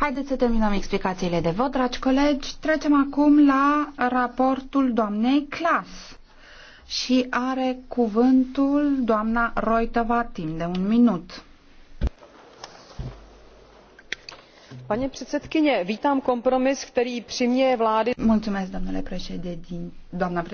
Haideți să terminăm explicațiile de vot, dragi colegi. Trecem acum la raportul doamnei Clas. Și are cuvântul doamna Roitova timp de un minut. Pane předsedkyně, vítám kompromis, který přiměje vlády... Mulțumesc, domnule președinte, doamna președinte.